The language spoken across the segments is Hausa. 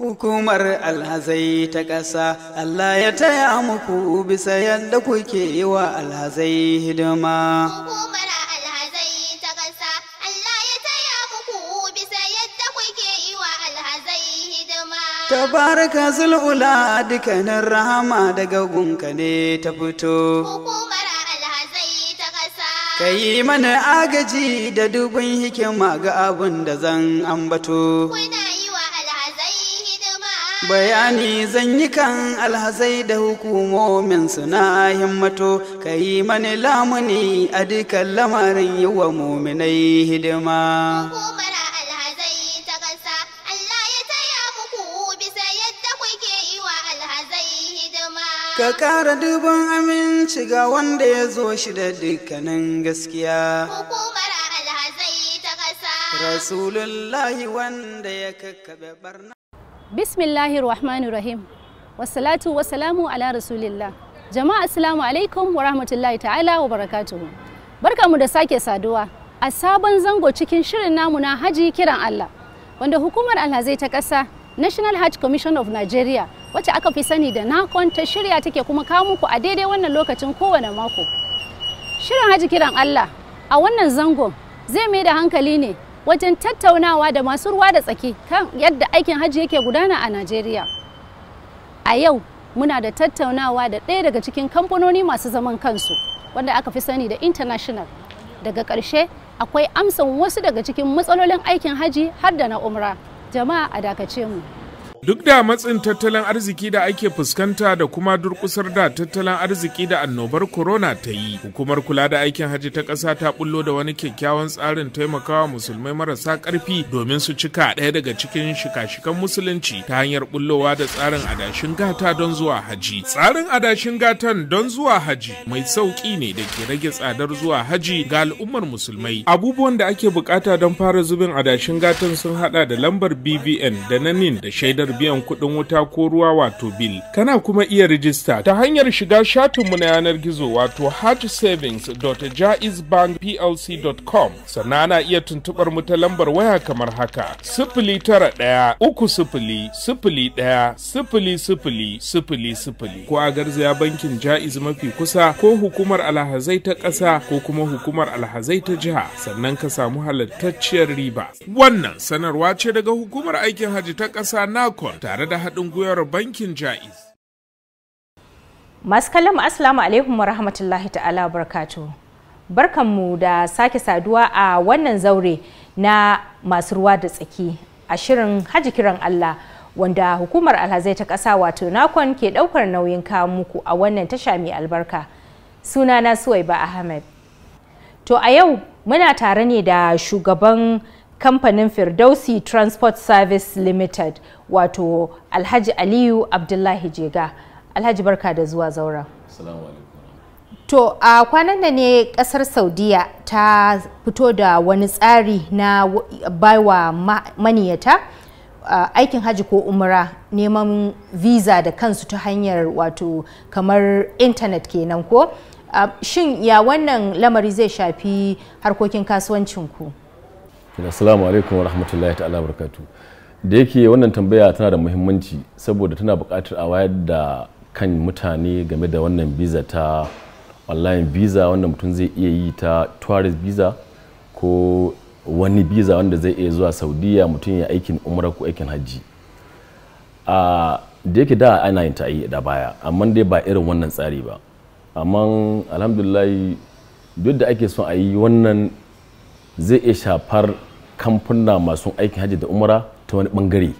Hukumar alhazai ta ƙasa Allah ya taya muku bisa yadda kuke yi wa alhazai hidima. Hukumar alhazai ta ƙasa Allah ya taya muku bisa yadda kuke yi alhazai hidima. Tabaraka zul'ula dukkanin rahama daga gunka ne ta fito. Hukumar alhazai ta ƙasa. Ka yi mana agaji da dubin hikima ga abin da zan ambato. Kuna bayani zan yi kan alhazai da hukumomin suna himmato ka yi mani lamuni a dukkan lamarin yi wa muminai hidima Ka ƙara dubin aminci ga wanda ya zo shi da dukkanin gaskiya. Hukumar alhazai ta ƙasa. Rasulullahi wanda ya kakkaɓe barna. bismillahi rahmanir rahim Wasalatu wasalamu ala rasulillah jama'a assalamu alaikum wa rahmatullahi ta'ala wa barakatuhu mu da sake saduwa a sabon zango cikin shirin namu na haji kiran Allah wanda hukumar alhazai ta ƙasa National Hajj Commission of Nigeria wacce aka fi sani da nakon ta shirya take kuma kawo muku a daidai wannan lokacin kowane mako. Shirin haji kiran Allah a wannan zangon zai mai da hankali ne wajen tattaunawa da masu ruwa da tsaki kan yadda aikin hajji yake gudana a Najeriya. A yau muna da tattaunawa da ɗaya daga cikin kamfanoni masu zaman kansu wanda aka fi sani da international. Daga ƙarshe akwai amsan wasu daga cikin matsalolin aikin hajji har da na umra. Jama'a a dakace mu. Duk da matsin tattalin arziki da ake fuskanta da kuma durkusar da tattalin arziki da annobar corona ta yi, hukumar kula da aikin hajji ta ƙasa ta bullo da wani kyakkyawan tsarin taimakawa musulmai marasa ƙarfi domin su cika ɗaya daga cikin shika-shikan musulunci ta hanyar bullowa da tsarin adashin gata don zuwa haji. Tsarin adashin gatan don zuwa haji mai sauƙi ne da ke rage tsadar zuwa haji ga al'ummar musulmai. Abubuwan da ake bukata don fara zubin adashin gatan sun hada da lambar BVN da na da shaidar biyan kuɗin wuta ko ruwa wato bil. Kana kuma iya rijista ta hanyar shiga shatinmu na yanar gizo wato com. sannan ana iya tuntuɓar mu ta lambar waya kamar haka sifili tara ɗaya uku sifili sifili ɗaya sifili sifili sifili sifili ko a garzaya bankin ja'iz mafi kusa ko hukumar alhazai ta ƙasa ko kuma hukumar alhazai ta jiha sannan ka samu halattacciyar riba. Wannan sanarwa ce daga hukumar aikin hajji ta ƙasa na tare da haɗin gwiwar bankin Ja'iz. Masu kallon Assalamu alaikum wa rahmatullahi ta'ala barkatu. Barkanmu da sake saduwa a wannan zaure na masu ruwa da tsaki a shirin haji kiran Allah wanda hukumar alhazai ta ƙasa wato nakon ke ɗaukar nauyin kawo muku a wannan tasha mai albarka. Sunana Suwaiba Ahmed. To a yau muna tare ne da shugaban kamfanin firdausi transport service limited wato alhaji aliyu abdullahi jega alhaji barka da zuwa zaura to a uh, kwanan da ne kasar saudiya ta fito da wani tsari na baiwa ma, maniyata aikin haji ko umra neman visa da kansu ta hanyar wato kamar intanet kenan ko shin ya wannan lamari zai shafi harkokin kasuwancinku assalamu alaikum warahmatullahi ta'ala barkatu da yake wannan tambaya tana da muhimmanci saboda tana buƙatar a wayar da kan mutane game da wannan visa ta online visa wanda mutum zai iya yi ta tourist visa ko wani visa wanda zai iya zuwa saudiya mutum ya aikin umra ko aikin hajji a da yake da ana yin ta da baya amma dai ba irin wannan tsari ba amma alhamdulillah duk da ake son a yi wannan zai iya shafar kamfuna masu aikin hajji da umara ta wani bangare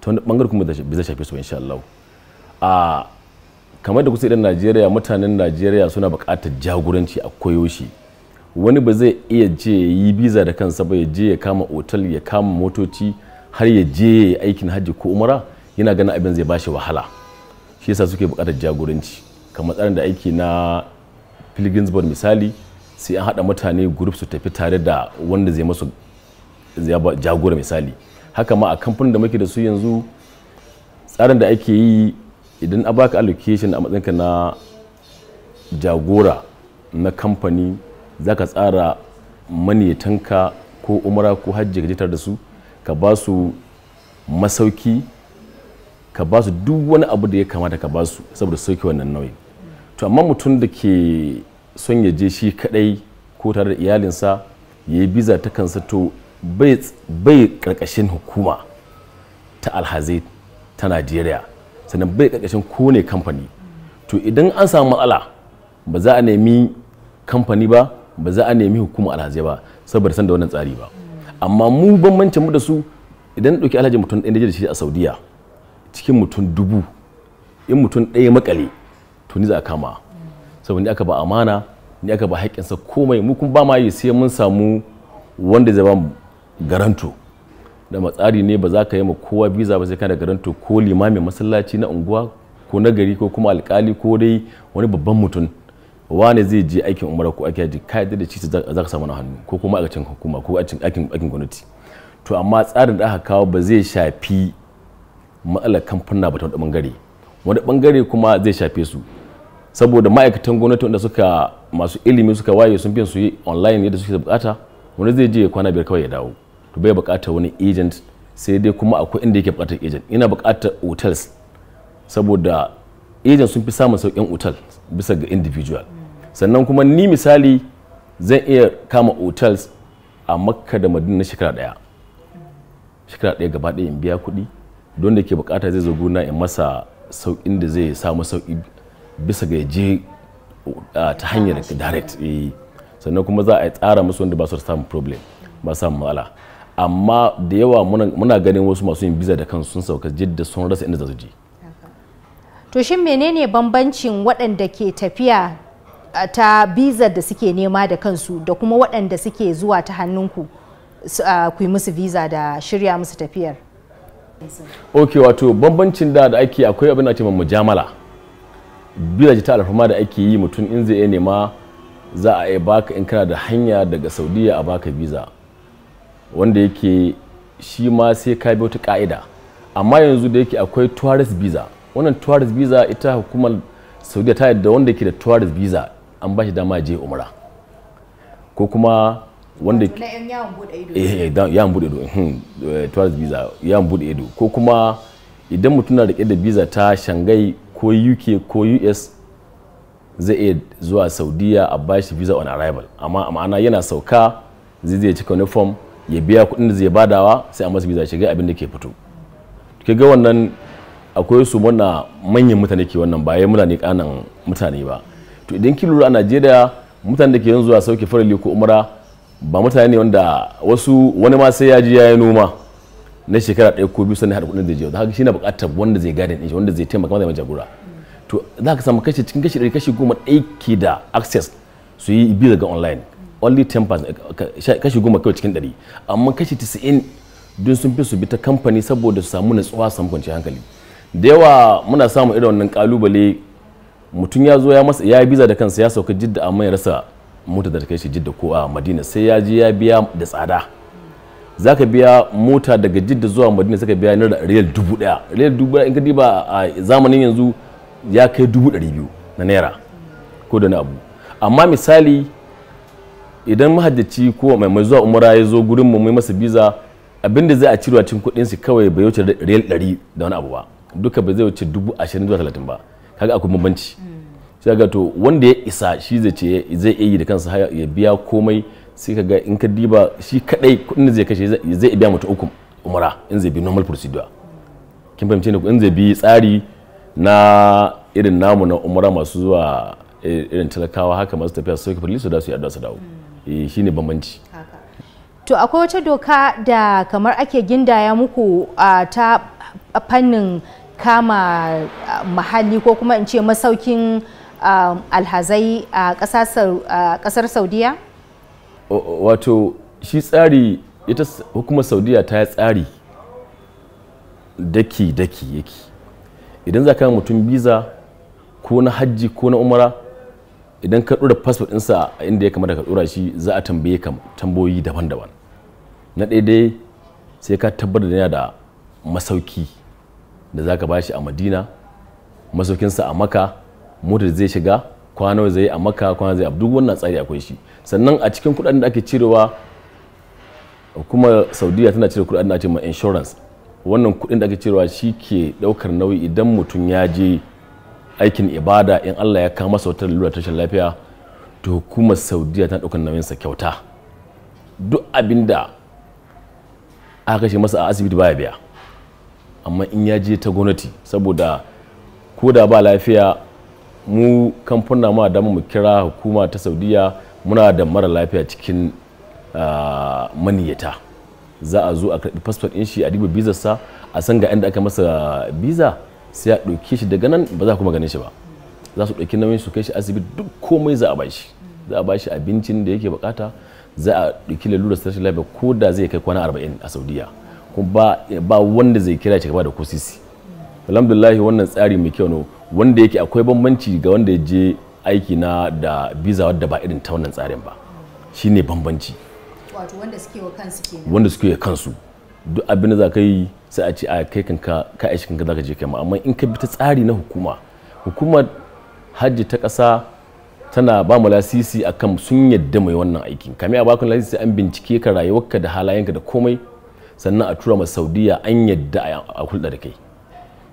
ta wani bangare kuma bai zai shafe su insha Allah a kamar da kusa idan Najeriya mutanen Najeriya suna buƙatar jagoranci a koyo wani ba zai iya je yi biza da kansa ba ya je ya kama otal ya kama motoci har ya je aikin hajji ko umara yana ganin abin zai bashi wahala shi yasa suke buƙatar jagoranci kamar tsarin da aiki na pilgrims board misali sai an haɗa mutane gurup su tafi tare da wanda zai masu jagora misali haka ma a kamfanin da muke da su yanzu tsarin da ake yi idan a baka allocation a matsayinka na jagora na kamfani za ka tsara maniyatanka ko umara ko hajji ka tare da su ka ba su masauki ka ba su duk wani abu da ya kamata ka ba su saboda sauki wannan nauyi to amma mutum da ke son ya je shi kadai ko tare da iyalinsa ya yi biza ta kansa to bai karkashin hukuma ta alhazai ta najeriya sannan bai karkashin kone kamfani to idan an samu matsala ba za a nemi kamfani ba ba za a nemi hukuma alhazai ba saboda san da wannan tsari ba amma mu bambancin mu da su idan ɗauki alhaji mutum ɗaya da shi a saudiya cikin mutum dubu in mutum ɗaya makale to ni za a kama saboda aka ba amana ne aka ba haƙƙinsa komai mu kuma ba ma yi sai mun samu wanda zai ba mu garanto da matsari ne ba za ka yi ma kowa biza ba sai kana garanto ko limamin masallaci na unguwa ko na ko kuma alkali ko dai wani babban mutum wani zai je aikin umara ko aikin haji ka yadda da cikin za ka samu na hannu ko kuma aikin hukuma ko aikin gwamnati to amma tsarin da aka kawo ba zai shafi matsalar kamfuna ba ta wani bangare wani bangare kuma zai shafe su saboda ma'aikatan gwamnati wanda suka masu ilimi suka waye sun biyan su yi online yadda suke bukata wani zai je kwana biyar kawai ya dawo to bai bukata wani agent sai dai kuma akwai inda yake bukatar agent ina bukatar hotels saboda agent sun fi samun saukin hotel bisa ga individual sannan kuma ni misali zan iya kama hotels a makka da madina na shekara daya shekara daya gaba daya in biya kuɗi don da ke bukata zai zo gona in masa sauƙin da zai samu sauki. bisa ga je ta hanyar direct eh, sannan kuma za a tsara musu wanda ba su samun problem ba samun matsala amma da yawa muna ganin wasu masu yin biza da kansu sun sauka jidda sun rasa inda za su je to shin menene bambancin waɗanda ke tafiya ta visa da suke nema da kansu da kuma waɗanda suke zuwa ta hannunku ku yi musu visa da shirya musu tafiyar ok wato bambancin da da ake akwai abin da ake mujamala ji ta alfarma da ake yi mutum in zai nema za a baka in kana da hanya daga saudiya a baka visa wanda yake shi ma sai ka bi wata ka'ida amma yanzu da yake akwai tourist visa wannan tourist visa ita hukumar saudiya ta yadda wanda ke da tourist visa an ba shi dama je umra ko kuma wanda ke ya bude ido eh, eh, hmm, eh, tourist visa ya bude ido ko kuma idan mutum na rike da visa ta shangai ko uk ko us zai iya zuwa saudiya a bashi visa on arrival amma ma'ana yana sauka zai zai cika wani form ya biya kuɗin da zai badawa sai a masa visa shiga abin da ke fito ke ga wannan akwai su muna manyan mutane ke wannan ba ya muna ne kanan mutane ba to idan ki lura a najeriya mutane da ke yanzu zuwa sauke farali ko umara ba mutane ne wanda wasu wani ma sai ya ji ya yi noma na shekara ɗaya ko biyu sannan haɗa kuɗin da jiya haka shi na buƙatar wanda zai gadin shi wanda zai taimaka masa mai jagora to za ka samu kashi cikin kashi ɗari kashi goma ɗaiki da access su yi biyu daga online only 10% kashi goma kawai cikin ɗari amma kashi 90 dun sun fi su bi ta kamfani saboda su samu natsuwa su samu kwanciyar hankali da yawa muna samun irin wannan kalubale mutum ya zo ya masa ya biza da kansa ya sauka jidda amma ya rasa mota da ta kai shi jidda ko a madina sai ya je ya biya da tsada za ka biya mota daga jidda zuwa madina za ka biya naira riyal dubu daya riyal dubu daya in ka diba a zamanin yanzu ya kai dubu ɗari biyu na naira ko da na abu amma misali idan mahajjaci ko mai mai zuwa umara ya zo gurin mu mai masa biza abinda zai a cirewa cin kuɗin su kawai bai wuce riyal ɗari da wani abu ba duka bai zai wuce dubu ashirin zuwa talatin ba kaga akwai bambanci mm. sai ga to wanda ya isa shi zai ce zai iya yi da kansa ya biya komai sai ka ga in ka diba shi kadai kudin da zai kashe zai biya mutu uku umara in zai bi normal procedure kin fahimce ne in zai bi tsari na irin namu na umara masu zuwa eh, irin talakawa haka masu tafiya su ka su da su yarda su dawo hmm. eh, shi ne bambanci to akwai wata doka da kamar ake gindaya muku ta fannin kama mahalli ko kuma in ce masaukin alhazai a kasar saudiya wato shi tsari ita hukumar saudiya ta yi tsari daki-daki yake idan za ka mutum biza ko na hajji ko na umara idan ka ɗora fasfot ɗinsa a inda ya kamata ka ɗora shi za a tambaye ka tambayoyi daban-daban na daidai sai ka tabbatar da yana da masauki da za ka ba shi a madina masaukinsa a maka motar zai shiga kwana zai a maka kwana zai a duk wannan tsari akwai shi sannan a cikin kudaden da ake cirewa kuma saudiya tana cire kudaden da ake ma insurance wannan kudin da ake cirewa shi ke daukar nauyi idan mutum ya je aikin ibada in allah ya kama sautar lura tashin lafiya to hukumar saudiya tana daukar nauyinsa kyauta duk abin da aka kashe masa a asibiti baya biya amma in ya je ta gwamnati saboda ko da ba lafiya mu kamfuna ma dama mu kira hukuma ta saudiya muna da mara lafiya cikin ah, maniyata za a zo a karɓi fasfot in shi a duba sa a san ga inda aka masa biza sai a ɗauke shi daga nan ba za kuma ganin shi ba za su ɗauki nauyin su kai shi asibiti duk komai za a ba shi za a ba shi abincin da yake bukata za a ɗauki su tashi lafiya ko da zai kai kwana arba'in a saudiya kuma ba wanda zai kira shi gaba da kusisi alhamdulillah wannan tsari mai kyau ne wanda yake akwai bambanci ga wanda ya je aiki na da visa wadda ba irin ta wannan tsarin ba shine bambanci wanda suke wa kansu duk abin da za ka yi sai a ce a kai kanka ka aishi kanka za ka je kai ma amma in ka bi ta tsari na hukuma hukumar hajji ta ƙasa tana ba mu lasisi kan sun yadda mai wannan aiki kame a bakun lasisi an bincike ka rayuwarka da halayenka da komai sannan a tura masa saudiya an yadda a hulɗa da kai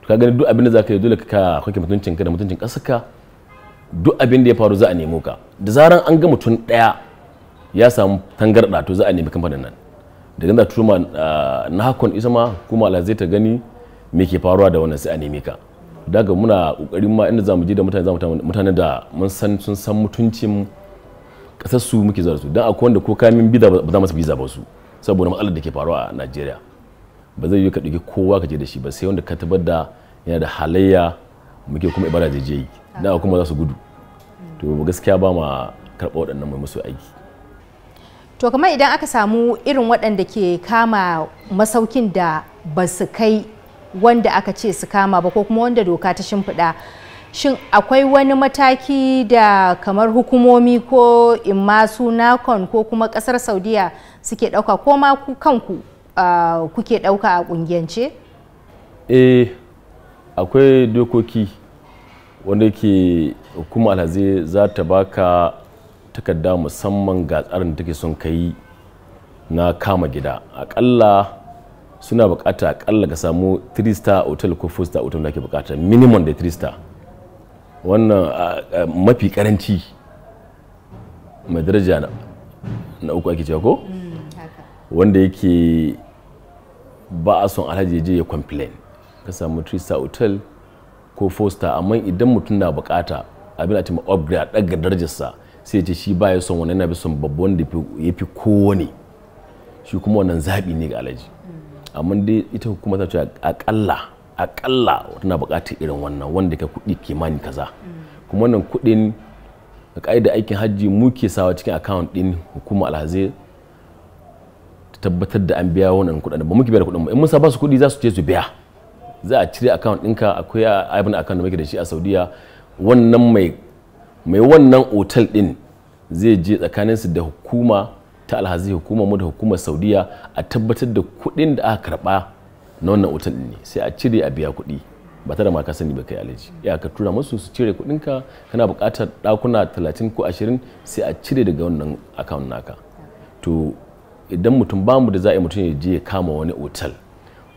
ka gani duk abin da za ka yi dole ka kwake mutuncinka da mutuncin ƙasarka duk abin da ya faru za a nemo ka da zaran an ga mutum daya ya samu tangarɗa to za a nemi kamfanin nan daga da tuma ah, na hakon isa ma kuma ala zai ta gani me ke faruwa da wannan sai a nemi ka daga muna kokarin ma inda zamu je da mutane zamu mutane da mun san sun san mutuncin kasar su muke zuwa su dan akwai wanda ko kamin biza ba za mu biza ba su saboda matsalar da ke faruwa a Najeriya ba zai yi ka dauki kowa ka je da shi ba sai wanda ka tabbata yana da halayya muke kuma ibada da je ah. da kuma za su gudu to gaskiya ba ma karɓa waɗannan mai musu aiki to kamar idan aka samu irin waɗanda ke kama masaukin da ba su kai wanda aka ce su kama ba ko kuma wanda doka ta shimfiɗa shin akwai wani mataki da kamar hukumomi ko imma su nakon ko kuma ƙasar saudiya suke ɗauka ko ma kanku ah, kuke ɗauka a ƙungiyance? eh akwai dokoki wanda ke hukumar alhazi za ta baka takarda musamman ga tsarin da take son kai na kama gida akalla suna bukata akalla ka samu 3 star hotel ko 4 star hotel da ke bukata minimum da 3 star wannan mafi karanci mai daraja na uku ake cewa ko mm, wanda yake ba a son alhaji je ya complain ka samu trista hotel ko fosta amma idan mutum na bukata abin a ce ma upgrade daga darajarsa sai ce shi baya son wani yana bi son babba wanda ya fi kowane shi kuma wannan zaɓi ne ga alaji amma dai ita kuma ta ce akalla akalla tana bukatar irin wannan wanda ka kuɗi kimani kaza kuma wannan kuɗin a ƙa'idar aikin hajji muke sawa cikin account ɗin hukuma alhazai ta tabbatar da an biya wannan kuɗin ba muke biya da kuɗin ba in mun sa ba su kuɗi za su je su biya za a cire account ɗinka akwai a abin account da muke da shi a saudiya wannan mai mai wannan otal ɗin zai je tsakaninsu da hukuma ta alhazi hukuma mu da hukumar saudiya a tabbatar da kuɗin da aka karɓa na wannan otal ɗin ne sai a cire a biya kuɗi ba tare ma ka sani ba kai alaji ya ka tura musu su cire kuɗinka kana buƙatar ɗakuna talatin ko ashirin sai a cire daga wannan account naka to idan mutum bamu da za a yi mutum ya je ya kama wani otal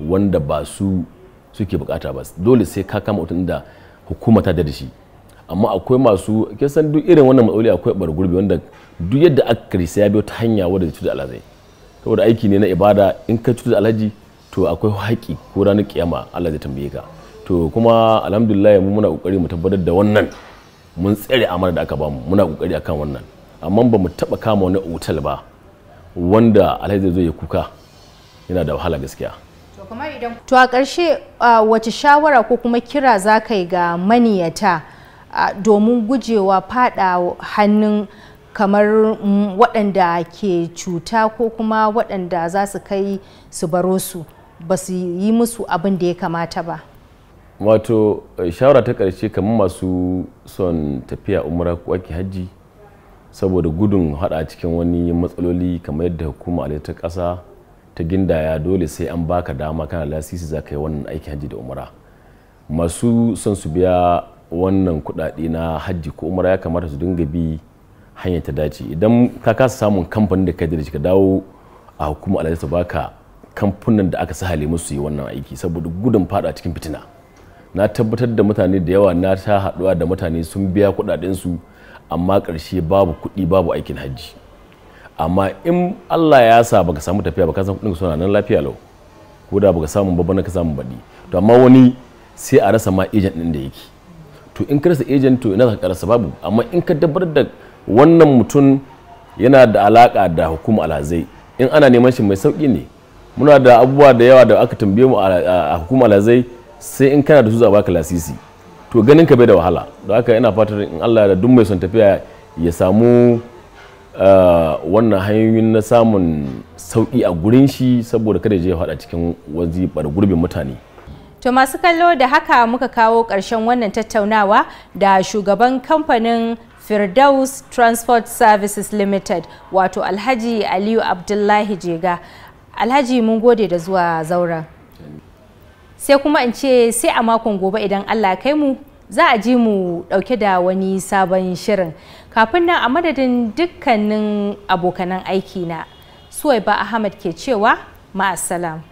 wanda ba su suke bukata ba dole sai ka kama mutum da hukuma ta da shi amma akwai masu san duk irin wannan matsaloli akwai bar gurbi wanda duk yadda aka sai ya biyo ta hanya wadda zai cuta alhaji saboda aiki ne na ibada in ka cuta alhaji to akwai haƙi ko ranar kiyama Allah zai tambaye ka to kuma alhamdulillah mu muna kokari mu tabbatar da wannan mun tsare amana da aka bamu muna kokari akan wannan amma ba mu taba kama wani otal ba wanda alhaji zai zo ya kuka yana da wahala gaskiya kamar idan to a ƙarshe wace shawara ko kuma kira za ka yi ga maniyata domin gujewa fada hannun kamar mm, waɗanda ke cuta ko kuma waɗanda za su kai su baro su ba su yi musu abin da ya kamata ba wato eh, shawara ta ƙarshe kamar masu son tafiya umra ko ake hajji saboda gudun hada cikin wani matsaloli kamar yadda hukuma ta ƙasa ta gindaya dole sai an baka dama kana lasisi za ka yi wannan aikin hajji da umara masu son su biya wannan kudade na hajji ko umara ya kamata su dinga bi hanyar ta dace idan ka kasa samun kamfanin da ka da ka dawo a hukuma alhaji ta baka kamfanin da aka sahale musu yi wannan aiki saboda gudun fada cikin fitina na tabbatar da mutane da yawa na ta haduwa da mutane sun biya kudadensu amma karshe babu kuɗi babu aikin hajji amma in Allah ya sa baka samu tafiya ba ka san kudin suna nan lafiya lau ko da baka samu babban ka samu baɗi to amma wani sai a rasa ma agent din da yake to in ka rasa agent to ina ka rasa babu amma in ka dabbar da wannan mutum yana da alaka da hukuma alhazai in ana neman shi mai sauki ne muna da abubuwa da yawa da aka tambaye mu a hukuma alhazai sai in kana da su za baka lasisi to ganin ka bai da wahala don haka ina fatar in Allah da duk mai son tafiya ya samu Eh, wannan hanyoyin na samun sauƙi a gurin shi saboda kada je ya faɗa cikin wazibar gurbin mutane To masu kallo da haka muka kawo ƙarshen wannan tattaunawa da shugaban kamfanin Firdaus Transport Services Limited wato Alhaji Aliyu Abdullahi Jega. Alhaji mun gode da zuwa zauren. Sai kuma in ce sai a makon gobe idan Allah kai mu za a ji mu dauke da wani sabon shirin kafin nan a madadin dukkanin abokanan aiki na suwaiba ahmad ke cewa ma'asalam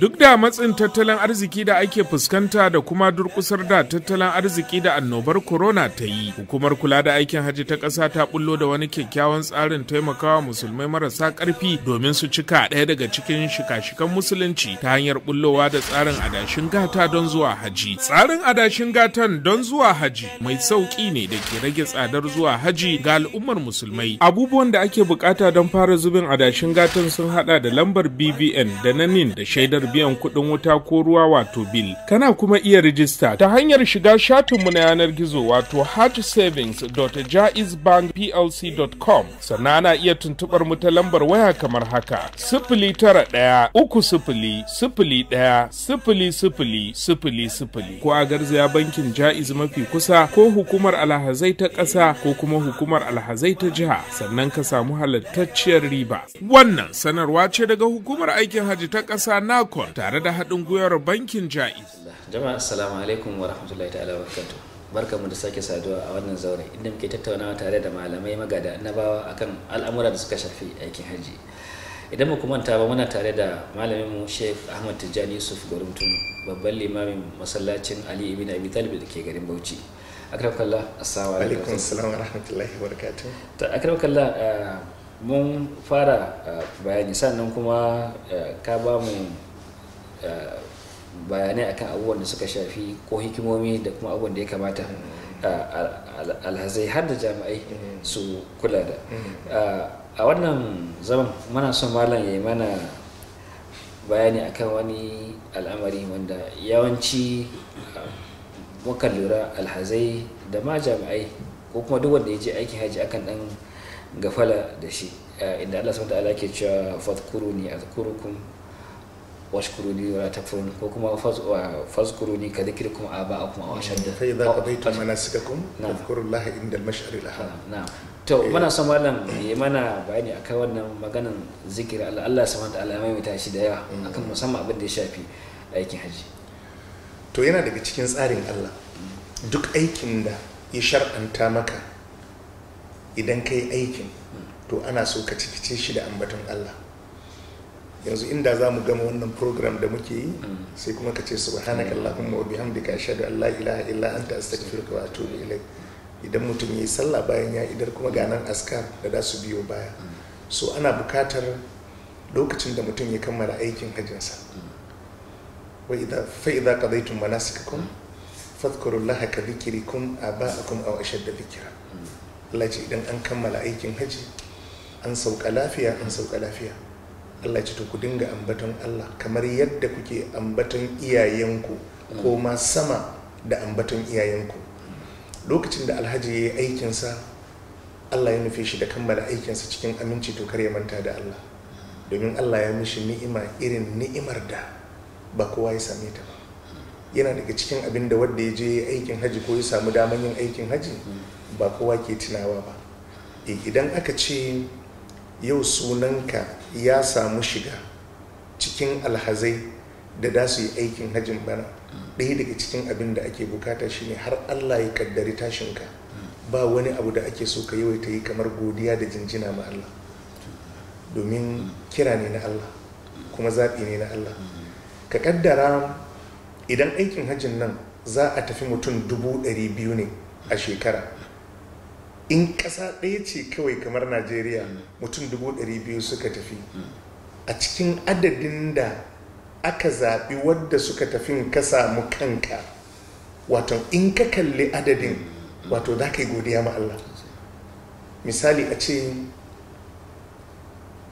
Duk da matsin tattalin arziki da ake fuskanta da kuma durkusar da tattalin arziki da annobar corona ta yi, hukumar kula da aikin hajji ta ƙasa ta bullo da wani kyakkyawan tsarin taimakawa musulmai marasa ƙarfi domin su cika ɗaya daga cikin shika-shikan musulunci ta hanyar bullowa da tsarin adashin gata don zuwa haji. Tsarin adashin gatan don zuwa haji mai sauƙi ne da ke rage tsadar zuwa haji ga al'ummar musulmai. Abubuwan da ake bukata don fara zubin adashin gatan sun haɗa da lambar BVN da na NIN da shaidar biyan kuɗin wuta ko ruwa wato bil. Kana kuma iya rijista ta hanyar shiga shatinmu na yanar gizo wato com. sannan ana iya tuntuɓar mu ta lambar waya kamar haka sifili tara ɗaya uku sifili sifili ɗaya sifili sifili sifili sifili ko a garzaya bankin ja'iz mafi kusa ko hukumar alhazai ta ƙasa ko kuma hukumar alhazai ta jiha sannan ka samu halattacciyar riba. Wannan sanarwa ce daga hukumar aikin hajji ta ƙasa na Protocol tare da haɗin gwiwar bankin Ja'iz. Jama'a assalamu alaikum wa rahmatullahi ta'ala wa barakatuh. mu da sake saduwa a wannan zaure inda muke tattaunawa tare da malamai magada annabawa akan al'amura da suka shafi aikin hajji. Idan mu manta ba muna tare da malamin mu Sheikh Ahmad Tijjani Yusuf Gorumtun babban limamin masallacin Ali ibn Abi Talib da ke garin Bauchi. Akrabkallah assalamu alaikum. Alaikum wa rahmatullahi wa barakatuh. Ta akrabkallah ah, mun fara ah, bayani sannan kuma ah, ka ba mu Eh, bayanai akan abubuwan da suka shafi ko hikimomi da kuma abubuwan da ya kamata mm-hmm. eh, alhazai har da jami'ai mm-hmm. su kula da mm-hmm. eh, a wannan zaman muna son malam ya yi mana bayani akan wani al'amari wanda yawanci muka lura alhazai da ma jami'ai ko kuma duk wanda ya je aikin haji akan dan gafala da shi inda Allah subhanahu wa ta'ala ke cewa fadkuruni azkurukum واشكروني ولا تكفرون ko kuma كذكركم ka او اشد aw ashadda fa idza فاذكروا الله عند المشعر al نعم, al-haram na'am to eh. muna son malam mana bayani akan wannan maganan zikir Allah Allah subhanahu wa ta'ala mai mutane shi da yawa eh. akan musamman abin da ya shafi aikin haji to yana daga cikin tsarin Allah mm. duk aikin da ya shar'anta maka idan kai aikin mm. to ana so ka cikice shi da ambaton Allah yanzu inda za mu gama wannan program da muke yi sai kuma ka ce subhanaka allahumma wa bihamdika ashhadu an la ilaha illa anta astaghfiruka wa atubu ilaik idan mutum yayi sallah bayan ya idar kuma ga askar da za su biyo baya so ana bukatar lokacin da mutum ya kammala aikin hajjinsa wa idza fa idza qadaytum manasikakum fadhkurullaha ka dhikrikum aba'akum aw ashadda dhikra Allah ce idan an kammala aikin hajji an sauka lafiya an sauka lafiya Allah ce to ku dinga ambaton Allah kamar yadda kuke ambaton iyayenku ko ma sama da ambaton iyayenku lokacin da alhaji ya yi aikinsa Allah ya nufi shi da kammala aikinsa cikin aminci to kar ya manta da Allah domin Allah ya mishi ni'ima irin ni'imar da ba kowa ya same ta ba yana daga cikin abin da wanda ya je aikin haji ko ya samu daman yin aikin haji ba kowa ke tunawa ba eh, idan aka ce yau sunanka ya samu shiga cikin alhazai da da su yi aikin hajjin bana ɗaya daga cikin abin da ake bukata shine har allah ya kaddari tashinka ba wani abu da ake so ka yawaita yi kamar godiya da jinjina ma allah domin kira ne na allah kuma zaɓi ne na allah ka kaddara idan aikin hajjin nan za a tafi mutum dubu ɗari biyu ne a shekara in ƙasa ɗaya ce kawai kamar najeriya mutum 200,000 suka tafi a cikin adadin da aka zaɓi wadda suka tafi ka mu kanka wato in ka kalli adadin wato za ka yi godiya ma Allah misali a ce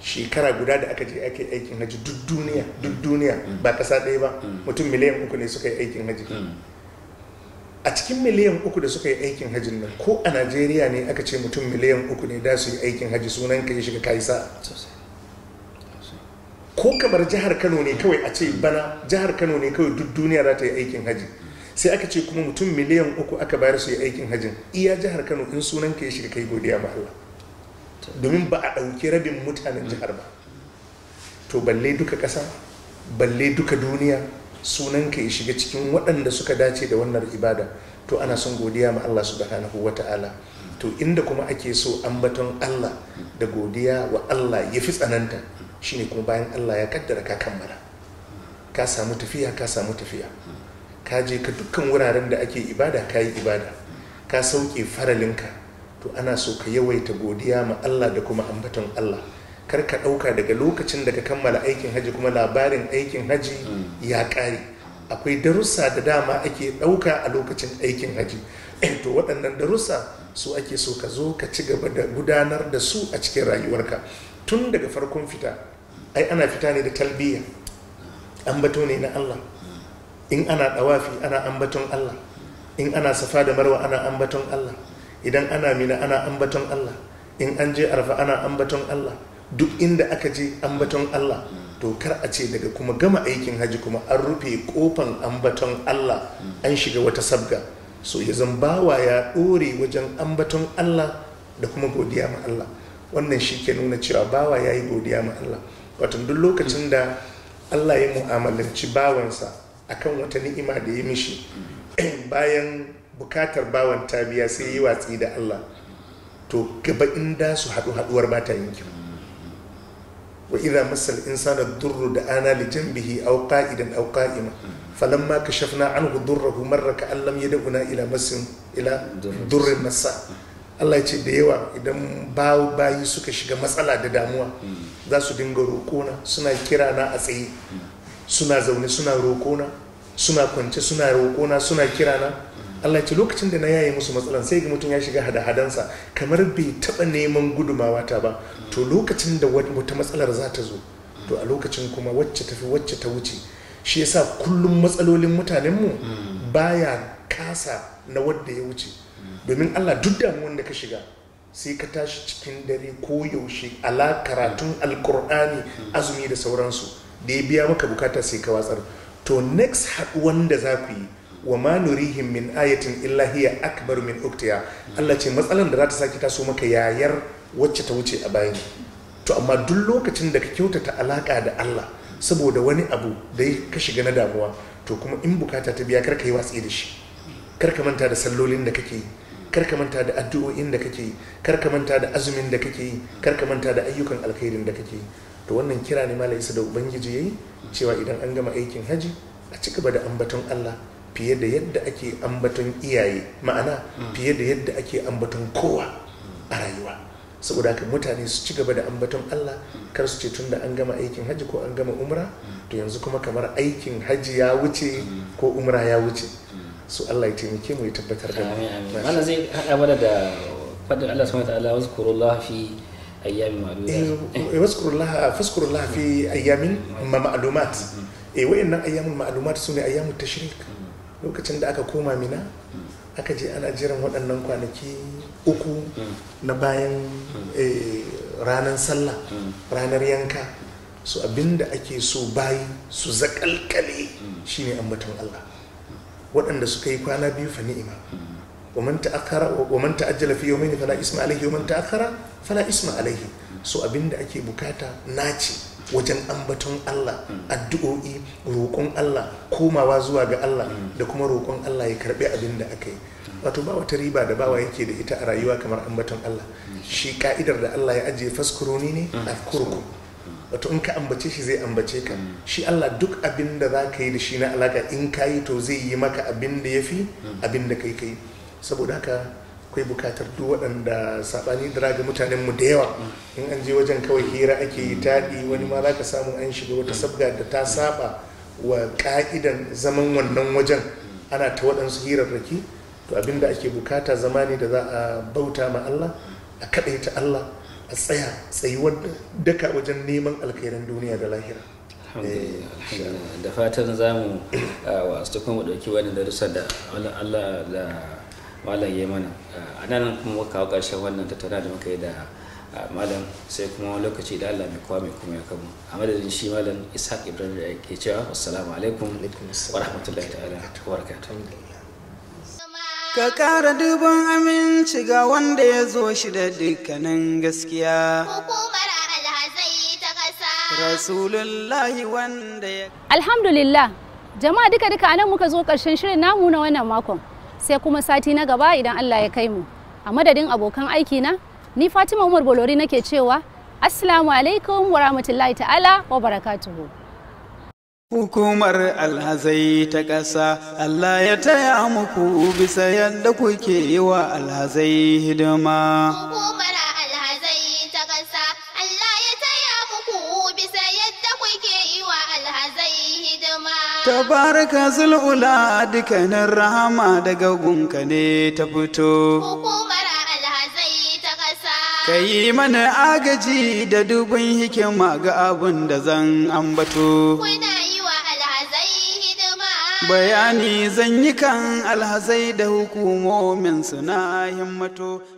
shekara guda da aka je ake aikin haji duk duniya duk duniya ba ƙasa ɗaya ba mutum miliyan uku ne suka yi aikin haji a cikin miliyan uku da suka yi aikin hajjin nan ko a najeriya ne aka ce mutum miliyan uku ne da su yi aikin hajji sunan ka ya shiga kayi sa ko kamar jihar kano ne kawai a ce bana jihar kano ne kawai duk duniya za ta yi aikin hajji sai aka ce kuma mutum miliyan uku aka bayar su yi aikin hajjin iya jihar kano in sunan ka ya shiga kai godiya ma Allah domin ba a ɗauki rabin mutanen jihar ba to balle duka ƙasa balle duka duniya sunanka ya shiga cikin waɗanda suka dace da wannan ibada to ana son godiya ma Allah subhanahu wa ta'ala to inda kuma ake so ambaton Allah da godiya wa Allah ya fi tsananta shine kuma bayan Allah ya kaddara ka kammala ka samu tafiya ka samu tafiya ka je ka dukkan wuraren da ake ibada ka yi ibada ka sauke faralinka to ana so ka yawaita godiya ma Allah da kuma ambaton Allah kar ka ɗauka daga lokacin da ka kammala aikin haji kuma labarin aikin haji mm. ya ƙare akwai darussa da dama ake ɗauka a lokacin aikin haji to waɗannan darussa su ake so ka zo ka ci gaba da gudanar da su a cikin rayuwarka tun daga farkon fita ai ana fita ne da talbiya ambato ne na Allah in ana ɗawafi ana ambaton Allah in ana safa da marwa ana ambaton Allah idan ana mina ana ambaton Allah in an je arfa ana ambaton Allah duk inda aka je ambaton Allah to kar a ce daga kuma gama aikin haji kuma an rufe kofan ambaton Allah an shiga wata sabga so ya zan bawa ya ɗore wajen ambaton Allah da kuma godiya ma Allah wannan shi ke nuna cewa bawa ya yi godiya ma Allah Watan duk lokacin da Allah ya mu'amalanci bawansa akan wata ni'ima da ya mishi bayan bukatar bawan ta biya sai yi watsi da Allah to gaba inda su haɗu haɗuwar ba ta yin wa idza masal insana durru da ana li janbihi aw qa'idan aw qa'ima falamma kashafna anhu durrahu marra ka allam yad'una ila masin ila durrin masa Allah ya ce da yawa idan bayi suka shiga matsala da damuwa za su dinga roƙona suna kira na a tsaye suna zaune suna roƙona suna kwance suna roƙona suna kira na Allah ce lokacin da na yaye musu matsalan sai ga mutum ya shiga hada-hadansa kamar bai taɓa neman gudumawa ta ba to lokacin da wata matsalar za ta zo to a lokacin kuma wacce ta fi wacce ta wuce shi yasa kullum matsalolin mutanenmu hmm. baya kasa na wadda ya wuce hmm. domin Allah duk damuwan da ka shiga sai ka tashi cikin dare ko yaushe ala karatun hmm. alkur'ani azumi da sauransu da ya biya maka bukata sai ka watsar to next haɗuwan da za ku yi wa ma nurihim min ayatin illa hiya akbaru min uktiya Allah ce matsalan da za ta saki taso maka yayar wacce ta wuce a bayan to amma duk lokacin da ka kyautata alaka da Allah saboda wani abu da ka shiga na damuwa to kuma in bukata ta biya karka yi watsi da shi karka manta da sallolin da kake yi karka manta da addu'o'in da kake yi karka manta da azumin da kake yi karka manta da ayyukan alkhairin da kake yi to wannan kira ne malai isa da ubangiji yayi cewa idan an gama aikin haji a ci gaba da ambaton Allah fiye da yadda ake ambaton iyaye ma'ana mm. fiye da yadda ake ambaton kowa a rayuwa saboda haka mutane su ci gaba da ambaton Allah kar su ce tun da an gama aikin haji ko an gama umra mm. to yanzu kuma kamar aikin haji ya wuce mm. ko umra ya wuce su Allah ya taimake mu ya tabbatar da mu wannan zai hada mana da fadin Allah subhanahu wa ta'ala wazkurullah fi ayyamin ma'lumat wazkurullah fazkurullah fi ayyamin ma'lumat eh, eh, eh wayannan ayyamin ma'lumat sune ayyamin tashrik lokacin da aka koma mina aka je ana jiran waɗannan kwanaki uku na bayan eh, ranar sallah ranar yanka su abinda ake so bayi su zakalkale shine ambaton Allah waɗanda suka yi kwana biyu fa ni'ima ومن تأخر ومن تأجل في يومين فلا إثم عليه ومن تأخر فلا إثم عليه سو ake أكي na ce. wajen ambaton Allah addu'o'i roƙon Allah komawa zuwa ga Allah da kuma roƙon Allah ya karɓi abin da aka yi wato ba wata riba da bawa yake da ita a rayuwa kamar ambaton Allah shi ka'idar da Allah ya ajiye faskuroni ne kurku wato in ka ambace shi zai ambace ka shi Allah duk abin da za ka yi da shi na alaka in ka yi to zai yi maka abin da ya fi abin da kai kai saboda haka akwai bukatar duk waɗanda saɓani da raga mutanen mu da yawa in an je wajen kawai hira ake yi taɗi wani ma za ka samu an shiga wata sabga da ta saba wa ka'idan zaman wannan wajen ana ta waɗansu hirarraki to abinda ake bukata zama ne da za a bauta ma Allah a kaɗaita Allah a tsaya tsayuwar daka wajen neman alkhairan duniya da lahira eh, da fatan zamu ah, wasu tukun ɗauki wani darussa da Allah malam ya mana a nan kuma kawo ƙarshen wannan tattauna da muka yi da malam sai kuma wani lokaci da Allah mai kowa mai kuma ya kama a madadin shi malam ishaq ibrahim da ke cewa assalamu alaikum wa rahmatullahi ta'ala wa ka kara dubin aminci ga wanda ya zo shi da dukkanin gaskiya rasulullahi wanda ya alhamdulillah jama'a duka duka anan muka zo karshen shirin namu na wannan makon sai kuma sati na gaba idan Allah ya kai mu a madadin abokan aiki na ni Fatima Umar Bolori nake cewa Assalamu alaikum wa rahmatullahi ta'ala wa barakatuhu Hukumar alhazai ta ƙasa Allah ya taya muku bisa yadda kuke yi wa alhazai hidima. tabaraka zul'ula dukkanin rahama daga gunka ne ta fito hukumar alhazai ta kasa ka yi mana agaji da dubin hikima ga abun da zan ambato kuna yi wa alhazai hidima bayani zan yi kan alhazai da hukumomin suna himmato